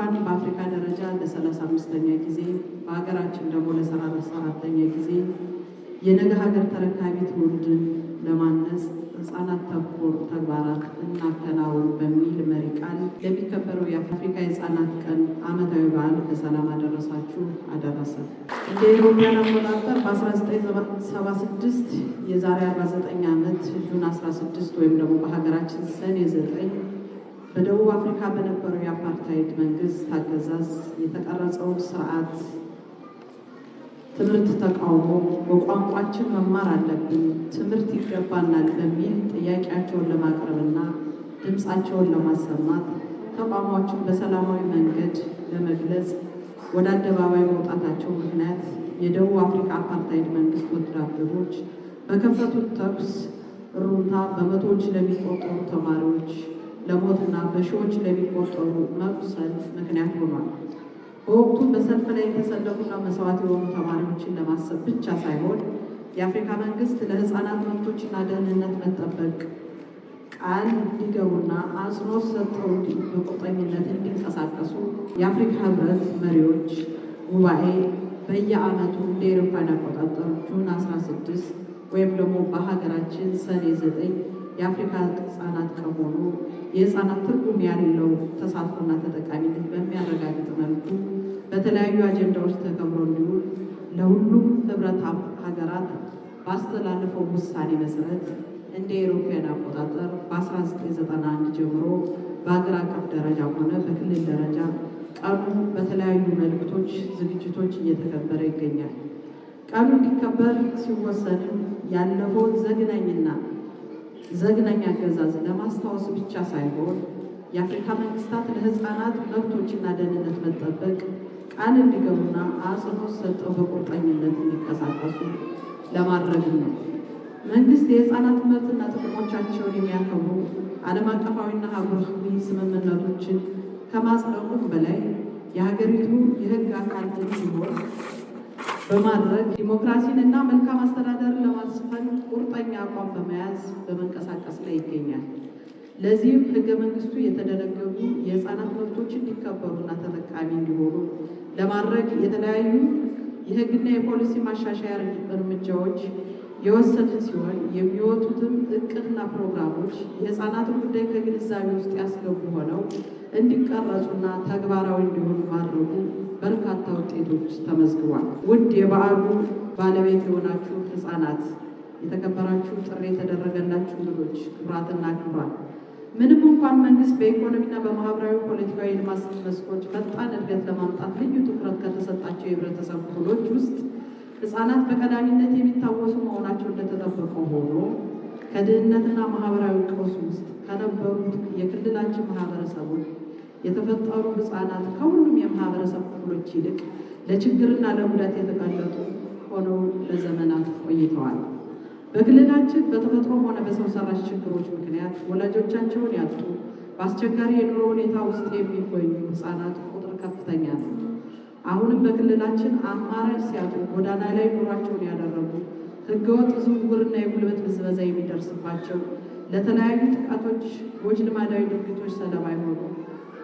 እንኳን በአፍሪካ ደረጃ ለሰላሳ አምስተኛ ጊዜ በሀገራችን ደግሞ ለሰላሳ አራተኛ ጊዜ የነገ ሀገር ተረካቢ ትውልድን ለማነጽ ህጻናት ተኮር ተግባራት እናከናውን በሚል መሪ ቃል ለሚከበረው የአፍሪካ የህጻናት ቀን አመታዊ በዓል በሰላም አደረሳችሁ አደረሰ። እንደ ኢትዮጵያን አቆጣጠር በ1976 የዛሬ 49 ዓመት ጁን 16 ወይም ደግሞ በሀገራችን ሰኔ 9 በደቡብ አፍሪካ በነበረው የአፓርታይድ መንግስት አገዛዝ የተቀረጸው ስርዓት ትምህርት ተቃውሞ በቋንቋችን መማር አለብን፣ ትምህርት ይገባናል በሚል ጥያቄያቸውን ለማቅረብና ድምፃቸውን ለማሰማት ተቋማዎችን በሰላማዊ መንገድ ለመግለጽ ወደ አደባባይ መውጣታቸው ምክንያት የደቡብ አፍሪካ አፓርታይድ መንግስት ወታደሮች በከፈቱት ተኩስ እሩምታ በመቶዎች ለሚቆጠሩ ተማሪዎች ለሞትና በሺዎች ለሚቆጠሩ መቁሰል ምክንያት ሆኗል። በወቅቱ በሰልፍ ላይ የተሰለፉና መስዋዕት የሆኑ ተማሪዎችን ለማሰብ ብቻ ሳይሆን የአፍሪካ መንግስት ለህፃናት መብቶችና ደህንነት መጠበቅ ቃል እንዲገቡና አጽንኦት ሰጥተው በቁርጠኝነት እንዲንቀሳቀሱ የአፍሪካ ህብረት መሪዎች ጉባኤ በየአመቱ እንደ አውሮፓውያን አቆጣጠር ጁን 16 ወይም ደግሞ በሀገራችን ሰኔ 9 የአፍሪካ ህጻናት ከሆኑ የህፃናት ትርጉም ያለው ተሳትፎና ተጠቃሚነት በሚያረጋግጥ መልኩ በተለያዩ አጀንዳዎች ተከብሮ እንዲሁም ለሁሉም ህብረት ሀገራት ባስተላለፈው ውሳኔ መሰረት እንደ ኤሮፓያን አቆጣጠር በ1991 ጀምሮ በሀገር አቀፍ ደረጃ ሆነ በክልል ደረጃ ቀኑ በተለያዩ መልእክቶች፣ ዝግጅቶች እየተከበረ ይገኛል። ቀኑ እንዲከበር ሲወሰንም ያለፈውን ዘግናኝና ዘግናኝ አገዛዝ ለማስታወስ ብቻ ሳይሆን የአፍሪካ መንግስታት ለህፃናት መብቶችና ደህንነት መጠበቅ ቃል እንዲገቡና አጽንኦት ሰጠው በቁርጠኝነት እንዲቀሳቀሱ ለማድረግ ነው። መንግስት የህፃናት መብትና ጥቅሞቻቸውን የሚያከብሩ ዓለም አቀፋዊና ሀገራዊ ስምምነቶችን ከማጽደቁም በላይ የሀገሪቱ የህግ አካል ሲሆን በማድረግ ዲሞክራሲንና መልካም አስተዳደርን ለማስፈን ቁርጠኛ አቋም በመያዝ በመንቀሳቀስ ላይ ይገኛል። ለዚህም ሕገ መንግስቱ የተደነገጉ የህፃናት መብቶች እንዲከበሩና ተጠቃሚ እንዲሆኑ ለማድረግ የተለያዩ የህግና የፖሊሲ ማሻሻያ እርምጃዎች የወሰድን ሲሆን የሚወጡትም እቅድና ፕሮግራሞች የህፃናትን ጉዳይ ከግንዛቤ ውስጥ ያስገቡ ሆነው እንዲቀረጹና ተግባራዊ እንዲሆኑ ማድረጉ በርካታ ውጤቶች ተመዝግቧል። ውድ የበዓሉ ባለቤት የሆናችሁ ህፃናት፣ የተከበራችሁ ጥሪ የተደረገላችሁ እንግዶች፣ ክብራትና ክብራት ምንም እንኳን መንግስት በኢኮኖሚና በማህበራዊ ፖለቲካዊ የልማት መስኮች ፈጣን እድገት ለማምጣት ልዩ ትኩረት ከተሰጣቸው የህብረተሰብ ክፍሎች ውስጥ ህፃናት በቀዳሚነት የሚታወሱ መሆናቸው እንደተጠበቀ ሆኖ ከድህነትና ማህበራዊ ቀውስ ውስጥ ከነበሩት የክልላችን ማህበረሰቦች የተፈጠሩ ህፃናት ከሁሉም የማህበረሰብ ክፍሎች ይልቅ ለችግርና ለጉዳት የተጋለጡ ሆነው ለዘመናት ቆይተዋል። በክልላችን በተፈጥሮም ሆነ በሰው ሰራሽ ችግሮች ምክንያት ወላጆቻቸውን ያጡ፣ በአስቸጋሪ የኑሮ ሁኔታ ውስጥ የሚገኙ ህፃናት ቁጥር ከፍተኛ ነው። አሁንም በክልላችን አማራጭ ሲያጡ ጎዳና ላይ ኑሯቸውን ያደረጉ፣ ህገወጥ ዝውውርና የጉልበት ብዝበዛ የሚደርስባቸው፣ ለተለያዩ ጥቃቶች ጎጂ ልማዳዊ ድርጊቶች ሰለባ የሆኑ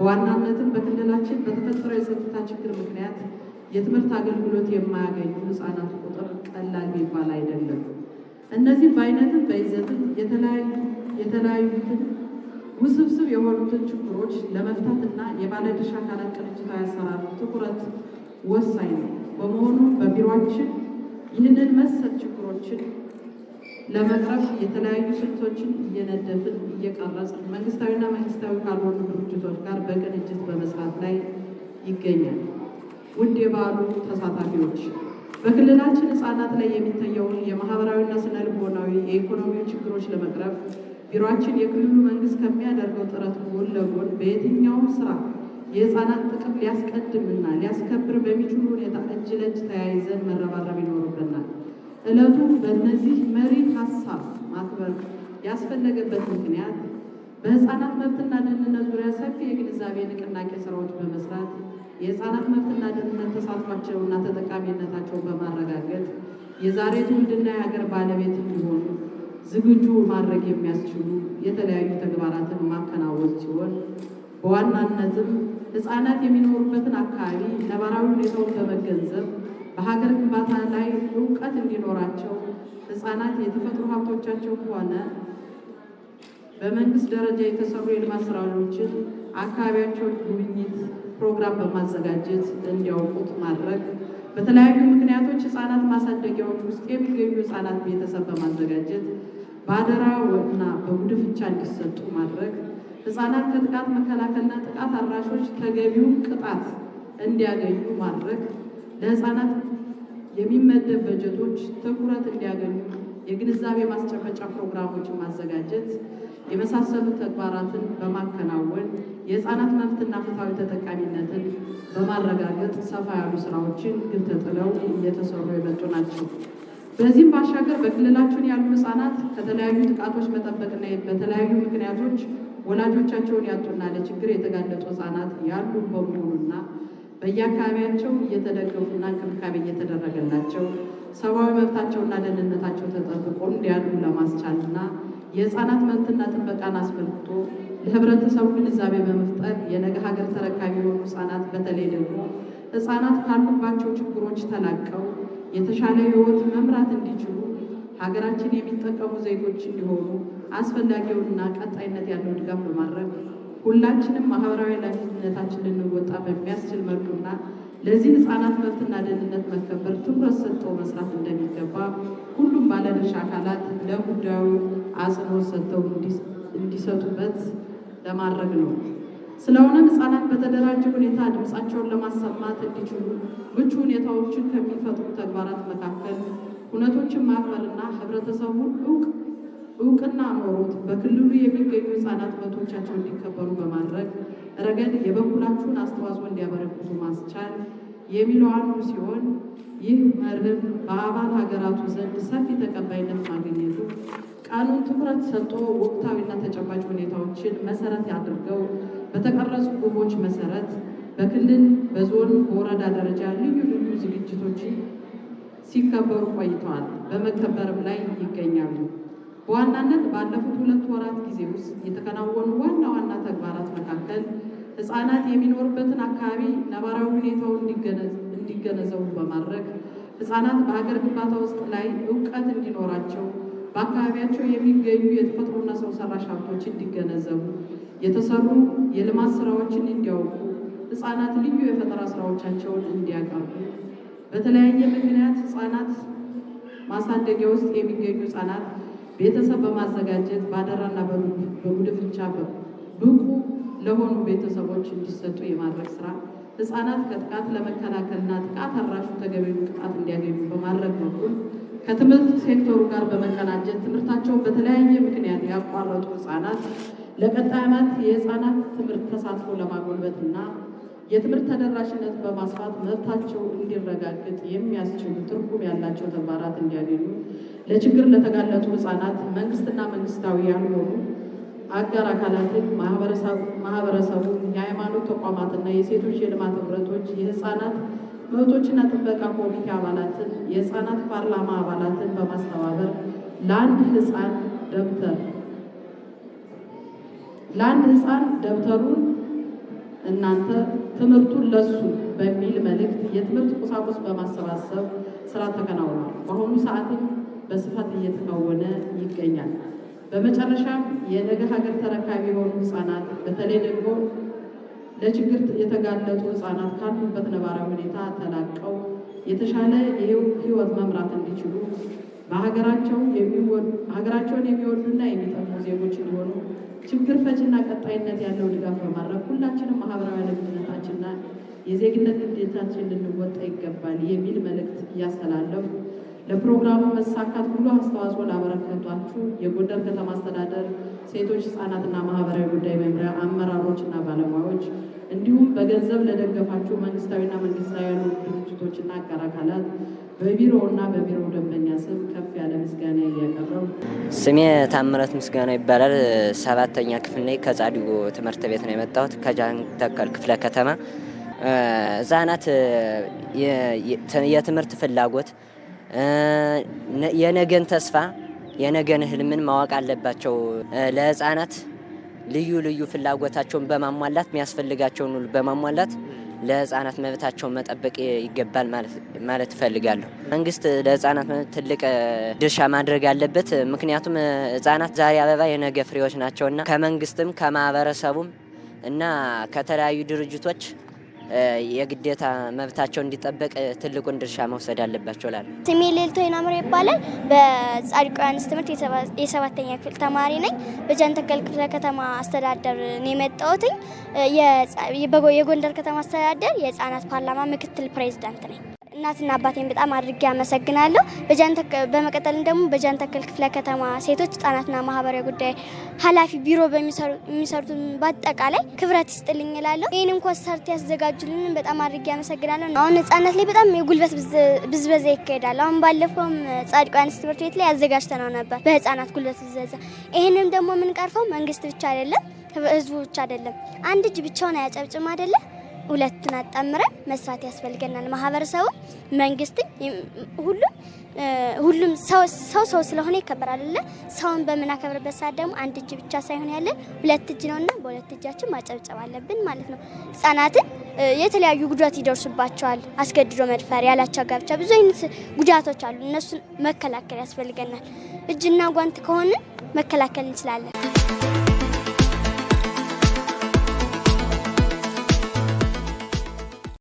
በዋናነትም በክልላችን በተፈጠረው የጸጥታ ችግር ምክንያት የትምህርት አገልግሎት የማያገኙ ህፃናት ቁጥር ቀላል የሚባል አይደለም። እነዚህ በአይነትም በይዘትም የተለያዩትን ውስብስብ የሆኑትን ችግሮች ለመፍታትና የባለድርሻ አካላት ቅንጅታዊ አሰራር ትኩረት ወሳኝ ነው። በመሆኑ በቢሮችን ይህንን መሰል ችግሮችን ለመቅረፍ የተለያዩ ስልቶችን እየነደፍን እየቀረጽን መንግስታዊና መንግስታዊ ካልሆኑ ድርጅቶች ጋር በቅንጅት በመስራት ላይ ይገኛል። ውድ የበዓሉ ተሳታፊዎች በክልላችን ህፃናት ላይ የሚታየውን የማህበራዊና ስነ ልቦናዊ የኢኮኖሚ ችግሮች ለመቅረፍ ቢሮችን የክልሉ መንግስት ከሚያደርገው ጥረት ጎን ለጎን በየትኛውም ስራ የህፃናት ጥቅም ሊያስቀድምና ሊያስከብር በሚችሉ ሁኔታ እጅ ለእጅ ተያይዘን መረባረብ ይኖርብናል። እለቱ በእነዚህ መሪ ሀሳብ ማክበር ያስፈለገበት ምክንያት በህፃናት መብትና ደህንነት ዙሪያ ሰፊ የግንዛቤ ንቅናቄ ስራዎች በመስራት የህፃናት መብትና ደህንነት ተሳትፏቸውና ተጠቃሚነታቸውን በማረጋገጥ የዛሬ ትውልድና የሀገር ባለቤት እንዲሆኑ ዝግጁ ማድረግ የሚያስችሉ የተለያዩ ተግባራትን ማከናወን ሲሆን በዋናነትም ህፃናት የሚኖሩበትን አካባቢ ነባራዊ ሁኔታውን በመገንዘብ በሀገር ግንባታ ላይ እውቀት እንዲኖራቸው ህፃናት የተፈጥሮ ሀብቶቻቸው ከሆነ በመንግስት ደረጃ የተሰሩ የልማት ስራዎችን አካባቢያቸው ጉብኝት ፕሮግራም በማዘጋጀት እንዲያውቁት ማድረግ፣ በተለያዩ ምክንያቶች ህፃናት ማሳደጊያዎች ውስጥ የሚገኙ ህፃናት ቤተሰብ በማዘጋጀት በአደራ እና በጉድፍቻ እንዲሰጡ ማድረግ፣ ህፃናት ከጥቃት መከላከልና ጥቃት አድራሾች ተገቢውን ቅጣት እንዲያገኙ ማድረግ ለህጻናት የሚመደብ በጀቶች ትኩረት እንዲያገኙ የግንዛቤ ማስጨበጫ ፕሮግራሞችን ማዘጋጀት የመሳሰሉ ተግባራትን በማከናወን የህፃናት መብትና ፍትሐዊ ተጠቃሚነትን በማረጋገጥ ሰፋ ያሉ ስራዎችን ግብ ተጥለው እየተሰሩ የመጡ ናቸው። በዚህም ባሻገር በክልላችን ያሉ ህፃናት ከተለያዩ ጥቃቶች መጠበቅና በተለያዩ ምክንያቶች ወላጆቻቸውን ያጡና ለችግር የተጋለጡ ህፃናት ያሉ በመሆኑና በየአካባቢያቸው እየተደገፉና እንክብካቤ እየተደረገላቸው ሰብአዊ መብታቸውና ደህንነታቸው ተጠብቆ እንዲያድሩ ለማስቻልና የህፃናት መብትና ጥበቃን አስመልክቶ ለህብረተሰቡ ግንዛቤ በመፍጠር የነገ ሀገር ተረካቢ የሆኑ ህፃናት በተለይ ደግሞ ህፃናት ካሉባቸው ችግሮች ተላቀው የተሻለ ህይወት መምራት እንዲችሉ ሀገራችን የሚጠቀሙ ዜጎች እንዲሆኑ አስፈላጊውንና ቀጣይነት ያለው ድጋፍ በማድረግ ሁላችንም ማህበራዊ ኃላፊነታችን ልንወጣ በሚያስችል መልኩና ለዚህ ህፃናት መብትና ደህንነት መከበር ትኩረት ሰጥቶ መስራት እንደሚገባ ሁሉም ባለድርሻ አካላት ለጉዳዩ አጽንኦት ሰጥተው እንዲሰጡበት ለማድረግ ነው። ስለሆነም ህፃናት በተደራጀ ሁኔታ ድምፃቸውን ለማሰማት እንዲችሉ ምቹ ሁኔታዎችን ከሚፈጥሩ ተግባራት መካከል እውነቶችን ማክበርና ህብረተሰቡ እውቅና ኖሮት በክልሉ የሚገኙ ህፃናት መብቶቻቸው እንዲከበሩ በማድረግ ረገድ የበኩላችሁን አስተዋጽኦ እንዲያበረክቱ ማስቻል የሚለው አንዱ ሲሆን ይህ መርህ በአባል ሀገራቱ ዘንድ ሰፊ ተቀባይነት ማግኘቱ ቀኑን ትኩረት ሰጥቶ ወቅታዊና ተጨባጭ ሁኔታዎችን መሰረት ያድርገው በተቀረጹ ግቦች መሰረት በክልል፣ በዞን፣ በወረዳ ደረጃ ልዩ ልዩ ዝግጅቶች ሲከበሩ ቆይተዋል፣ በመከበርም ላይ ይገኛሉ። በዋናነት ባለፉት ሁለት ወራት ጊዜ ውስጥ የተከናወኑ ዋና ዋና ተግባራት መካከል ህፃናት የሚኖርበትን አካባቢ ነባራዊ ሁኔታው እንዲገነዘቡ በማድረግ ህፃናት በሀገር ግንባታ ውስጥ ላይ እውቀት እንዲኖራቸው በአካባቢያቸው የሚገኙ የተፈጥሮና ሰው ሰራሽ ሀብቶች እንዲገነዘቡ የተሰሩ የልማት ስራዎችን እንዲያውቁ ህፃናት ልዩ የፈጠራ ስራዎቻቸውን እንዲያቀርቡ በተለያየ ምክንያት ህፃናት ማሳደጊያ ውስጥ የሚገኙ ህፃናት ቤተሰብ በማዘጋጀት በአደራና በጉድፍቻ ብቁ ለሆኑ ቤተሰቦች እንዲሰጡ የማድረግ ስራ፣ ህፃናት ከጥቃት ለመከላከልና ጥቃት አራሹ ተገቢውን ቅጣት እንዲያገኙ በማድረግ በኩል ከትምህርት ሴክተሩ ጋር በመቀናጀት ትምህርታቸውን በተለያየ ምክንያት ያቋረጡ ህፃናት ለቀጣይ ዓመት የህፃናት ትምህርት ተሳትፎ ለማጎልበትና የትምህርት ተደራሽነት በማስፋት መብታቸው እንዲረጋግጥ የሚያስችሉ ትርጉም ያላቸው ተግባራት እንዲያገኙ፣ ለችግር ለተጋለጡ ህጻናት መንግስትና መንግስታዊ ያልሆኑ አጋር አካላትን፣ ማህበረሰቡን፣ የሃይማኖት ተቋማትና የሴቶች የልማት ህብረቶች፣ የህፃናት መብቶችና ጥበቃ ኮሚቴ አባላትን፣ የህፃናት ፓርላማ አባላትን በማስተባበር ለአንድ ህፃን ደብተር ለአንድ ህፃን ደብተሩን እናንተ ትምህርቱን ለሱ በሚል መልእክት የትምህርት ቁሳቁስ በማሰባሰብ ስራ ተከናውኗል። በአሁኑ ሰዓትም በስፋት እየተከወነ ይገኛል። በመጨረሻም የነገ ሀገር ተረካቢ የሆኑ ህፃናት በተለይ ደግሞ ለችግር የተጋለጡ ህፃናት ካሉበት ነባራዊ ሁኔታ ተላቀው የተሻለ ህይወት መምራት እንዲችሉ ሀገራቸውን የሚወዱና የሚጠሙ ዜጎች እንዲሆኑ ችግር ፈችና ቀጣይነት ያለው ድጋፍ በማድረግ ሁላችንም ማህበራዊ ኃላፊነታችንና የዜግነት ግዴታችን ልንወጣ ይገባል የሚል መልእክት እያስተላለፉ ለፕሮግራሙ መሳካት ሁሉ አስተዋጽኦ ላበረከቷችሁ የጎንደር ከተማ አስተዳደር ሴቶች ህጻናትና ማህበራዊ ጉዳይ መምሪያ አመራሮችና ባለሙያዎች እንዲሁም በገንዘብ ለደገፋችሁ መንግስታዊና መንግስታዊ ያሉ ድርጅቶችና አጋር አካላት በቢሮውና በቢሮው ደንበኛ ስም ከፍ ያለ ምስጋና እያቀረቡ። ስሜ ታምረት ምስጋና ይባላል። ሰባተኛ ክፍል ላይ ከጻዲጎ ትምህርት ቤት ነው የመጣሁት ከጃን ተከል ክፍለ ከተማ። ህጻናት የትምህርት ፍላጎት የነገን ተስፋ የነገን ህልምን ማወቅ አለባቸው። ለህፃናት ልዩ ልዩ ፍላጎታቸውን በማሟላት የሚያስፈልጋቸውን ሁሉ በማሟላት ለህፃናት መብታቸውን መጠበቅ ይገባል ማለት እፈልጋለሁ። መንግስት ለህፃናት መብት ትልቅ ድርሻ ማድረግ አለበት። ምክንያቱም ህፃናት ዛሬ አበባ የነገ ፍሬዎች ናቸውና ከመንግስትም ከማህበረሰቡም እና ከተለያዩ ድርጅቶች የግዴታ መብታቸው እንዲጠበቅ ትልቁን ድርሻ መውሰድ አለባቸው ላሉ ስሜ ሌልቶ ይናምር ይባላል። በጻድቁ ዮሐንስ ትምህርት የሰባተኛ ክፍል ተማሪ ነኝ። በጃንተከል ክፍለ ከተማ አስተዳደር ነው የመጣሁትኝ። የጎንደር ከተማ አስተዳደር የህፃናት ፓርላማ ምክትል ፕሬዚዳንት ነኝ። እናትና አባቴን በጣም አድርጌ አመሰግናለሁ። በመቀጠልም ደግሞ በጃንተከል ክፍለ ከተማ ሴቶች ህጻናትና ማህበራዊ ጉዳይ ኃላፊ ቢሮ የሚሰሩትን በአጠቃላይ ክብረት ይስጥልኝ እላለሁ። ይህንን ኮንሰርት ያዘጋጁልንን በጣም አድርጌ አመሰግናለሁ። አሁን ህጻናት ላይ በጣም የጉልበት ብዝበዛ ይካሄዳል። አሁን ባለፈውም ጻድቁ ዮሐንስ ትምህርት ቤት ላይ አዘጋጅተነው ነበር በህጻናት ጉልበት ብዝበዛ። ይህንም ደግሞ የምንቀርፈው መንግስት ብቻ አይደለም ህዝቡ ብቻ አይደለም አንድ እጅ ብቻውን አያጨብጭም አይደለም ሁለቱን አጣምረን መስራት ያስፈልገናል። ማህበረሰቡ፣ መንግስት ሁሉም ሁሉም ሰው ሰው ስለሆነ ይከበራል አይደለ? ሰውን በምናከብርበት ሰዓት ደግሞ አንድ እጅ ብቻ ሳይሆን ያለ ሁለት እጅ ነውና በሁለት እጃችን ማጨብጨብ አለብን ማለት ነው። ህጻናትን የተለያዩ ጉዳት ይደርሱባቸዋል። አስገድዶ መድፈር፣ ያላቻ ጋብቻ፣ ብዙ አይነት ጉዳቶች አሉ። እነሱን መከላከል ያስፈልገናል። እጅና ጓንት ከሆነ መከላከል እንችላለን።